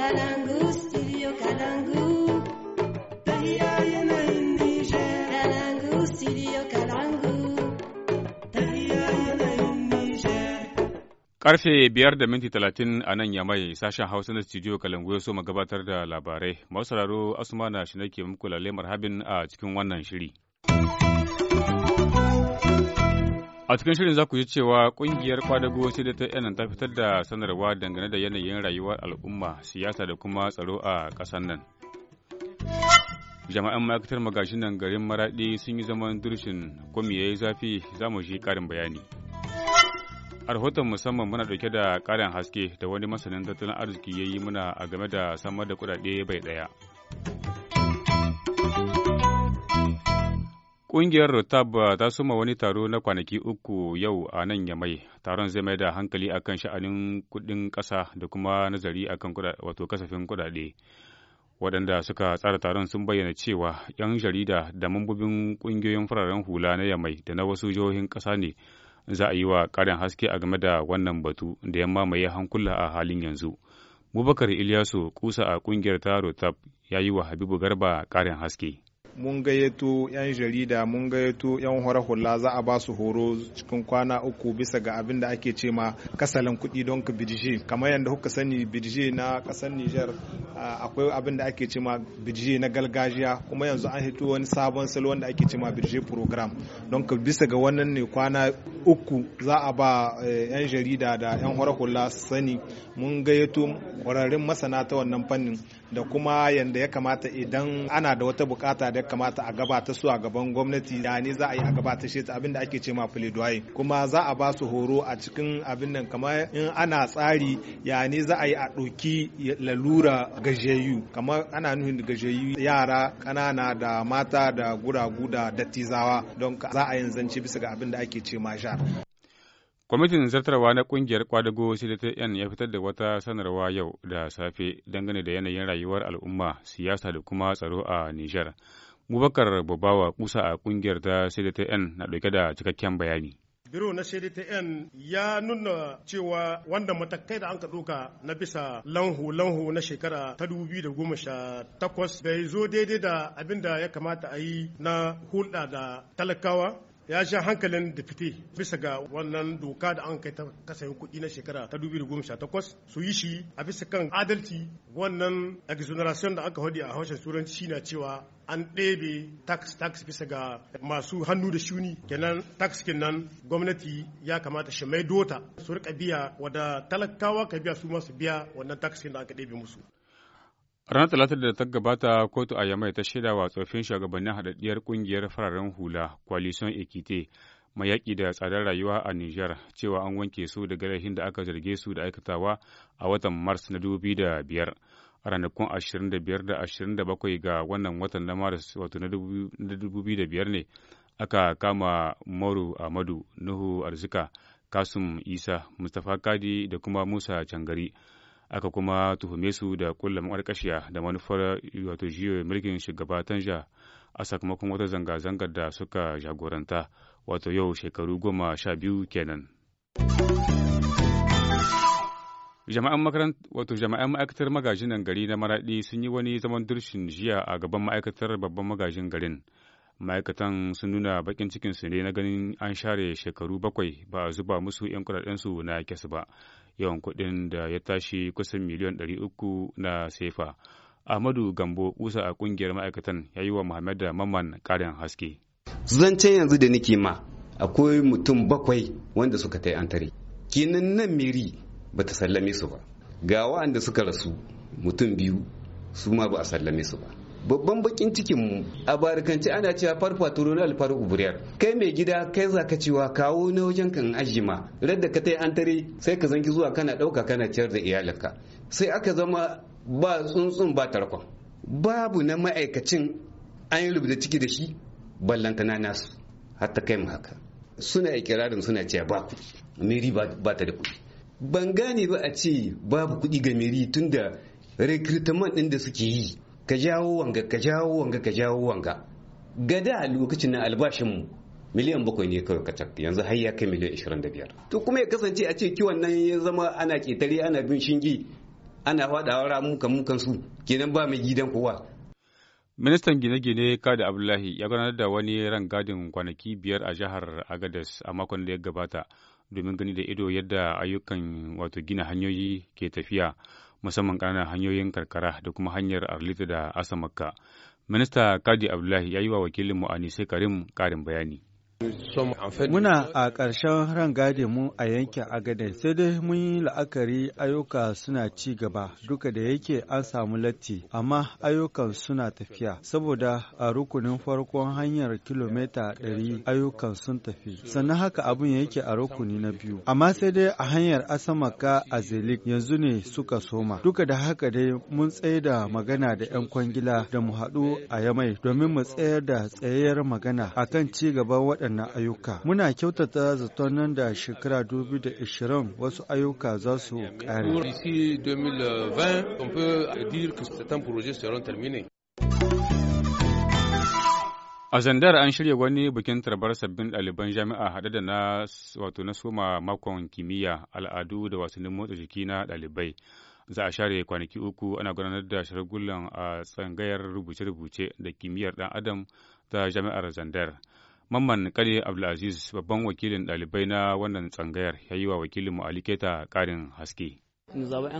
Kalangu, Karfe biyar da minti talatin a nan yamai sashen Hausa na studio Kalangu ya so gabatar da labarai. Masu sauraro Asuma na shi nake muku lalle marhabin a cikin wannan shiri. A cikin shirin za ku ji cewa ƙungiyar kwadago sai da ta yanan ta fitar da sanarwa dangane da yanayin rayuwar al'umma, siyasa da kuma tsaro a ƙasar nan. Jama'an ma'aikatar magashin nan garin Maraɗi sun yi zaman durshin ko ya yi zafi za mu shi ƙarin bayani. A rahoton musamman muna ɗauke da ƙarin haske da wani masanin tattalin arziki ya yi muna a game da samar da kuɗaɗe bai ɗaya. Ƙungiyar Rotab uh, ta suma wani taro na kwanaki uku yau a nan Yamai. Taron zai mai da hankali akan sha'anin kuɗin ƙasa da kuma nazari akan wato kasafin kuɗaɗe. Waɗanda suka tsara taron sun bayyana cewa 'yan jarida da mambobin ƙungiyoyin fararen hula na Yamai da na wasu jihohin ƙasa ne za a yi wa ƙarin haske a game da wannan batu da ya mamaye hankula a halin yanzu. Bubakar Ilyasu kusa a ƙungiyar ta Rotab ya yi wa Habibu Garba ƙarin haske. mun gayyato 'yan jarida mun gayyato 'yan hura hula za a ba su horo cikin kwana uku bisa ga abin da ake ce ma kasalin kuɗi don ka bidije kamar yadda kuka sani bidije na ƙasar Nijar akwai abin da ake ce ma bidije na gargajiya kuma yanzu an hito wani sabon salo wanda ake ce ma bidije program don ka bisa ga wannan ne kwana uku za a ba eh, 'yan jarida da 'yan hura hula sani mun gayyato ƙwararrun masana ta wannan fannin da kuma yadda ya kamata idan ana da wata bukata da ya kamata a gabata su a gaban gwamnati da ne za a yi a gabata shi ta abin da ake ce ma pledoyer kuma za a ba su horo a cikin abin nan kamar in ana tsari ya ne za a yi a ɗoki lalura gajiyayyu kamar ana nufin gajeyu yara ƙanana da mata da guragu da dattizawa don za a yin zance bisa ga abin da ake ce ma sha Kwamitin zartarwa na ƙungiyar kwadago CDTN ya fitar da wata sanarwa yau da safe dangane da yanayin rayuwar al'umma, siyasa da kuma tsaro a Nijar. Bubakar Babawa kusa a ƙungiyar ta CDTN na ɗauke da cikakken bayani. biro na CDTN ya nuna cewa wanda matakai da an ka doka na bisa lanhu lanhu na shekara ta takwas bai zo daidai da abin da ya kamata a yi na hulɗa da talakawa ya sha hankalin da fite bisa ga wannan doka da an kai ta kasayin kuɗi na shekara ta 2018 su yi shi a bisa kan adalci wannan exoneration da aka hadi a haushen turanci na cewa an ɗebe tax tax bisa ga masu hannu da shuni kenan tax kenan gwamnati ya kamata shi mai dota su rika biya wadda talakawa ka biya su masu biya wannan tax da aka ɗebe musu ranar talatar da ta gabata kotu a yamai ta shaida wa tsofin shugabannin haɗaɗɗiyar ƙungiyar fararen hula coalition ekite mai yaƙi da tsadar rayuwa a niger cewa an wanke su daga laifin da aka zarge su da aikatawa a watan mars na dubi da biyar a ranakun ashirin da biyar da ashirin da bakwai ga wannan watan na maris wato na dubu da biyar ne aka kama maru amadu nuhu arzika kasum isa mustapha kadi da kuma musa cangari aka kuma tuhume su da kulla makarkashiya da manufar wato jiyo mulkin shugaba tanja a sakamakon wata zanga-zangar da suka jagoranta wato yau shekaru goma sha biyu kenan. jama'an wato jama'an ma'aikatar magajinan gari na maradi sun yi wani zaman dirshin jiya a gaban ma'aikatar babban magajin garin ma'aikatan sun nuna bakin cikinsu ne na ganin an share shekaru bakwai ba a zuba musu 'yan kudaden su na kesu ba yawan kuɗin da ya tashi kusan miliyan ɗari uku na sefa. Ahmadu Gambo, kusa a ƙungiyar ma'aikatan, ya yi wa Muhammad Mamman ƙarin haske. Zancen yanzu da nake ma akwai mutum bakwai wanda suka tai an tare. Kinan nan miri ba ta sallame su ba. Ga wa'anda suka rasu mutum biyu su ma ba a sallame su ba. babban bakin cikin mu a barkance ana cewa far na alfar uburiyar kai mai gida kai za ka cewa kawo na wajen kan ajima radda ka tai an tare sai ka zangi zuwa kana dauka kana ciyar da iyalinka sai aka zama ba tsuntsun ba tarkon babu na ma'aikacin an yi rubuta ciki da shi ballantana nasu har ta kai mu haka suna ikirarin suna cewa ba kuɗi meri ba ta da kuɗi ban gane ba a ce babu kuɗi ga meri tunda recruitment ɗin da suke yi ka jawo wanga ka jawo wanga ka jawo wanga gada lokacin na albashinmu miliyan bakwai ne kawai tafi yanzu har ya kai miliyan ishirin da biyar to kuma ya kasance a ce kiwon nan ya zama ana ketare ana bin shingi ana faɗawa ramukan mukan su kenan ba mai gidan kowa Ministan gine-gine Kada Abdullahi ya gudanar da wani rangadin kwanaki biyar a jihar Agadez a makon da ya gabata domin gani da ido yadda ayyukan wato gina hanyoyi ke tafiya. musamman ƙananan hanyoyin karkara da kuma hanyar Arlita da Asamakka. Minista Kadi Abdullahi ya yi wa wakilinmu Anise Karim karin bayani. Muna a ƙarshen rangade mu a yankin Agade sai dai mun yi la'akari ayyuka suna ci gaba duka da yake an samu latti amma ayyukan suna tafiya saboda a rukunin farkon hanyar kilomita 100 ayyukan sun tafi sannan haka abin yake a rukuni na biyu amma sai dai a hanyar Asamaka a Zelik yanzu ne suka soma duka da haka dai mun tsaye da magana da 'yan kwangila da mu haɗu a Yamai domin mu tsayar da tsayayyar magana akan ci gaban waɗanda waɗannan ayyuka. Muna kyautata zaton nan da shekara 2020 wasu ayyuka za su ƙare. A Zandar an shirya wani bikin tarbar sabbin ɗaliban jami'a haɗe da na wato na soma makon kimiyya al'adu da wasannin motsa jiki na ɗalibai. Za a share kwanaki uku ana gudanar da shirgullan a tsangayar rubuce-rubuce da kimiyyar ɗan adam ta jami'ar Zandar. Mamman Kare Abdulaziz babban wakilin ɗalibai na wannan tsangayar ya yi wa wakilinmu Aliketa ƙarin haske.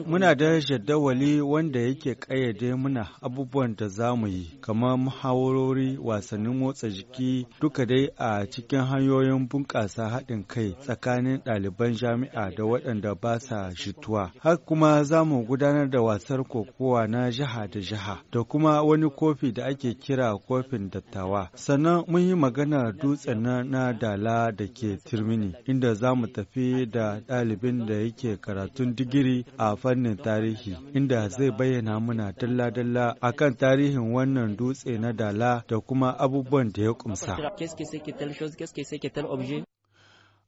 Muna da jadawali wanda yake ƙayyade muna abubuwan da za mu yi, kamar muhawarori, wasannin motsa jiki, duka dai a cikin hanyoyin bunƙasa haɗin kai tsakanin ɗaliban jami'a da waɗanda ba sa shituwa. Har kuma za mu gudanar da wasar kokowa na jiha da jiha, da kuma wani kofi da ake kira kofin dattawa. Sannan mun yi magana dutsen na dala da ke Tirmini, inda za mu tafi da ɗalibin da yake karatun digiri a fannin tarihi inda zai bayyana muna dalla-dalla kan tarihin wannan dutse na dala da kuma abubuwan da ya kumsa.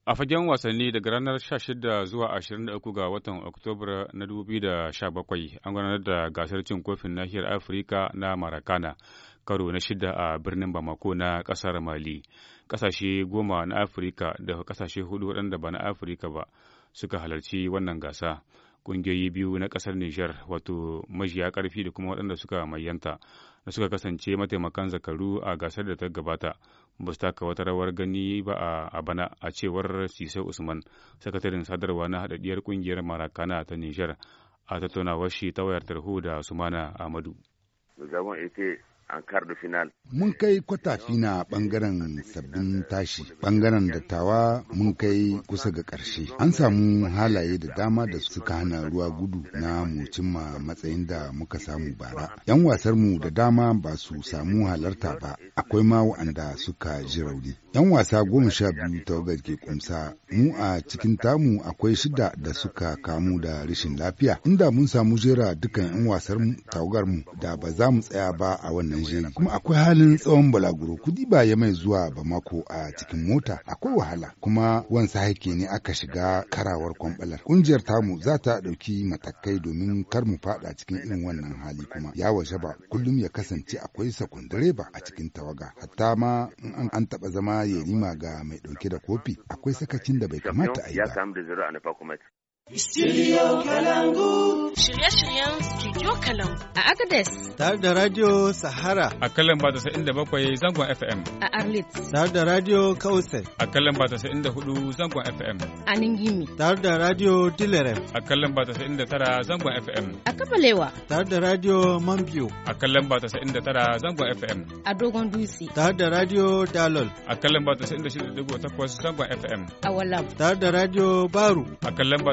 A fagen wasanni daga ranar 16 zuwa 23 ga watan oktobar na 2017 an gudanar da gasar cin kofin nahiyar Afirka na Marakana karo na shida a birnin Bamako na kasar Mali. Kasashe goma na Afirka da kasashe hudu waɗanda ba na Afirka ba suka halarci wannan gasa. kungiyoyi biyu na kasar Nijar wato majiya karfi da kuma waɗanda suka mayanta da suka kasance mataimakan zakaru a gasar da ta gabata ba su taka wata rawar gani ba a bana a cewar Sisai Usman sakataren sadarwa na haɗaɗɗiyar kungiyar Marakana ta Nijar a tattaunawar shi ta wayar tarho da Sumana Ahmadu. an da final. Mun kai kwata fina bangaren sabbin tashi, bangaren dattawa mun kai kusa ga ƙarshe. An samu halaye da dama da suka hana ruwa gudu na mu cimma matsayin da muka samu bara. 'Yan wasarmu da dama ba su samu halarta ba, akwai ma waɗanda suka ji rauni. 'Yan wasa goma sha biyu tawagar ke kumsa, mu a cikin tamu akwai shida da suka kamu da rashin lafiya. Inda mun samu jera dukan 'yan wasar mu tawagar mu da ba za mu tsaya ba a wannan Nijar kuma akwai halin tsawon balaguro kudi ba ya mai zuwa ba mako a cikin mota akwai wahala kuma wansa haike ne aka shiga karawar kwambalar. Kungiyar tamu za ta ɗauki matakai domin kar mu faɗa cikin irin wannan hali kuma ya waje ba kullum ya kasance akwai sakundare ba a cikin tawaga hatta ma in an taɓa zama ya ga mai ɗauke da kofi akwai sakacin da bai kamata a yi ba. Studio Kalangu. Shirye-shiryen Studio Kalangu. A Agadez. Tare da Radio Sahara. A kalan ba da bakwai zangon FM. A Arlit. Tare da Radio Kausai. A kalan ba da hudu zangon FM. A Ningimi. Tare da Radio Dilerem. A kalan ba da tara zangon FM. A Kabalewa. Tare da Radio Mambiyo. A kalan ba da tara zangon FM. A Dogon Dutse. Tare da Radio Dalol. A kalan ba inda shida digo takwas zangon FM. A Walam. Tare da Radio Baru. A kalan ba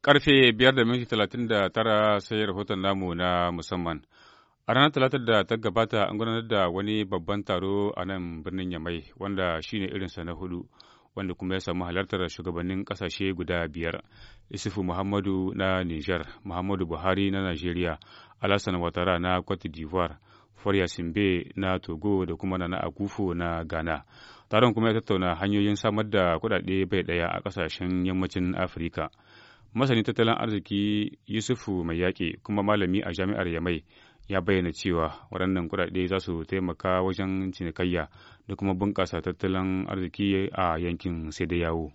Karfe biyar da minti talatin da tara sai rahoton namu na musamman. A ranar talatar da ta gabata an gudanar da wani babban taro a nan birnin Yamai wanda shine irinsa na hudu. wanda kuma ya samu halartar shugabannin kasashe guda biyar isufu muhammadu na niger muhammadu buhari na nigeria alasan watara na cote d'ivoire Farya Simbe na Togo da kuma Nana Akufo na Ghana. Taron kuma ya tattauna hanyoyin samar da kuɗaɗe bai ɗaya a ƙasashen yammacin Afirka. masanin tattalin arziki Yusufu Mai yaƙi kuma malami a jami'ar Yamai ya bayyana cewa waɗannan kuɗaɗe za su taimaka wajen cinikayya da kuma bunƙasa tattalin arziki a yankin sai da yawo.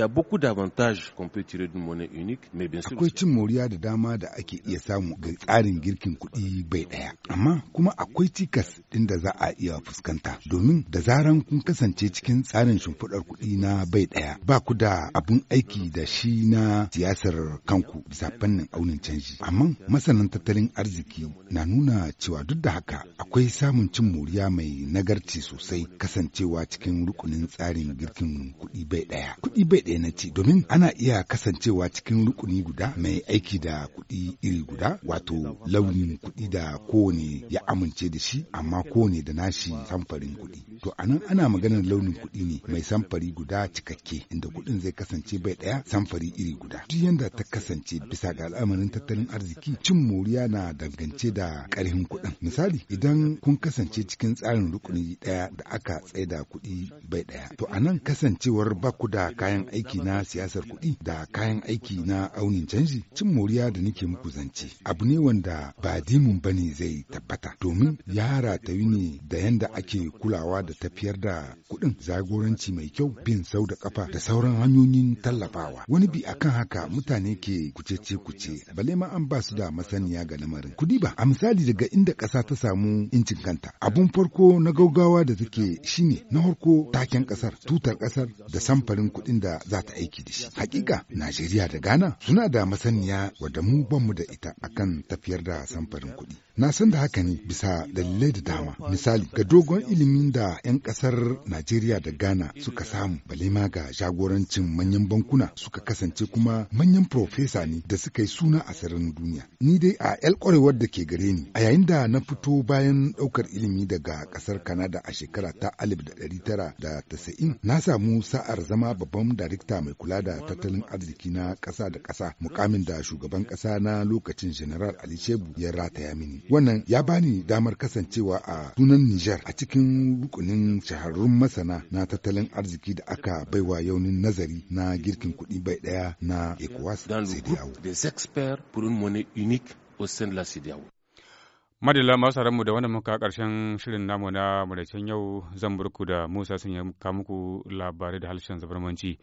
a beaucoup d'avantages qu'on peut tirer d'une monnaie unique mais bien sûr akwai cin moriya da dama da ake iya samu ga tsarin girkin kuɗi bai ɗaya amma kuma akwai cikas ɗin da za a iya fuskanta domin da zaran kun kasance cikin tsarin shimfiɗar kuɗi na bai ɗaya ba ku da abun aiki da shi na siyasar kanku bisa fannin aunin canji amma masanan tattalin arziki na nuna cewa duk da haka akwai samun cin moriya mai nagarci sosai kasancewa cikin rukunin tsarin girkin kuɗi bai ɗaya kuɗi bai Daya na ci domin ana iya kasancewa cikin rukuni guda mai aiki da kuɗi iri guda wato launin kuɗi da kowane ya amince da shi amma kowane da nashi samfarin kuɗi. To anan ana maganar launin kuɗi ne mai samfari guda cikakke inda kuɗin zai kasance bai ɗaya samfari iri guda. Duk yanda ta kasance bisa ga al'amarin tattalin arziki cin moriya na dangance da ƙarfin kuɗin. Misali idan kun kasance cikin tsarin rukuni ɗaya da aka tsaida kuɗi bai ɗaya. To anan kasancewar baku da kayan aiki na siyasar kuɗi da kayan aiki na aunin canji cin moriya da nake muku zance abu ne wanda ba dimun bane zai tabbata domin ya ratayi ne da yanda ake kulawa da tafiyar da kuɗin zagoranci mai kyau bin sau da kafa da sauran hanyoyin tallafawa wani bi akan haka mutane ke kucece kuce bale ma an ba su da masaniya ga lamarin Kuɗi ba a misali daga inda ƙasa ta samu incin kanta abun farko na gaugawa da take shine na farko taken ƙasar tutar ƙasar da samfarin kuɗin da za ta aiki da shi. Hakika Najeriya da Ghana suna da masaniya wadda mu banmu da ita akan tafiyar da samfarin kuɗi. Na san da haka ne bisa dalilai da dama. Misali ga dogon ilimin da 'yan ƙasar Najeriya da Ghana suka samu bale ma ga jagorancin manyan bankuna suka kasance kuma manyan profesa ne da suka yi suna a sararin duniya. Ni dai a yal ƙwarewar da ke gare ni a yayin da na fito bayan ɗaukar ilimi daga ƙasar Kanada a shekara ta 1990 na samu sa'ar zama babban darikta mai kula da tattalin arziki na ƙasa da ƙasa mukamin da shugaban ƙasa na lokacin general ali shebu ya rataya mini wannan ya bani damar kasancewa a sunan niger a cikin rukunin shahararrun masana na tattalin arziki da aka baiwa yaunin nazari na girkin kuɗi bai ɗaya na ecowas sai da yawo. madalla masu mu da wanda muka karshen shirin namu na maraicen yau zan burku da musa sun ka muku labarai da harshen zabarmanci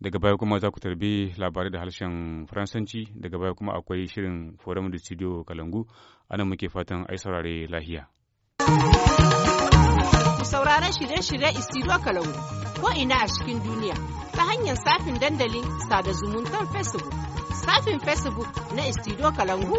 daga baya kuma za ku tarbi labarai da harshen faransanci daga baya kuma akwai shirin forum da studio kalangu anan muke fatan ai saurare lahiya sauraron shirye-shirye istiro kalangu ko ina a cikin duniya ta hanyar safin dandalin sada zumuntar facebook safin facebook na istiro kalangu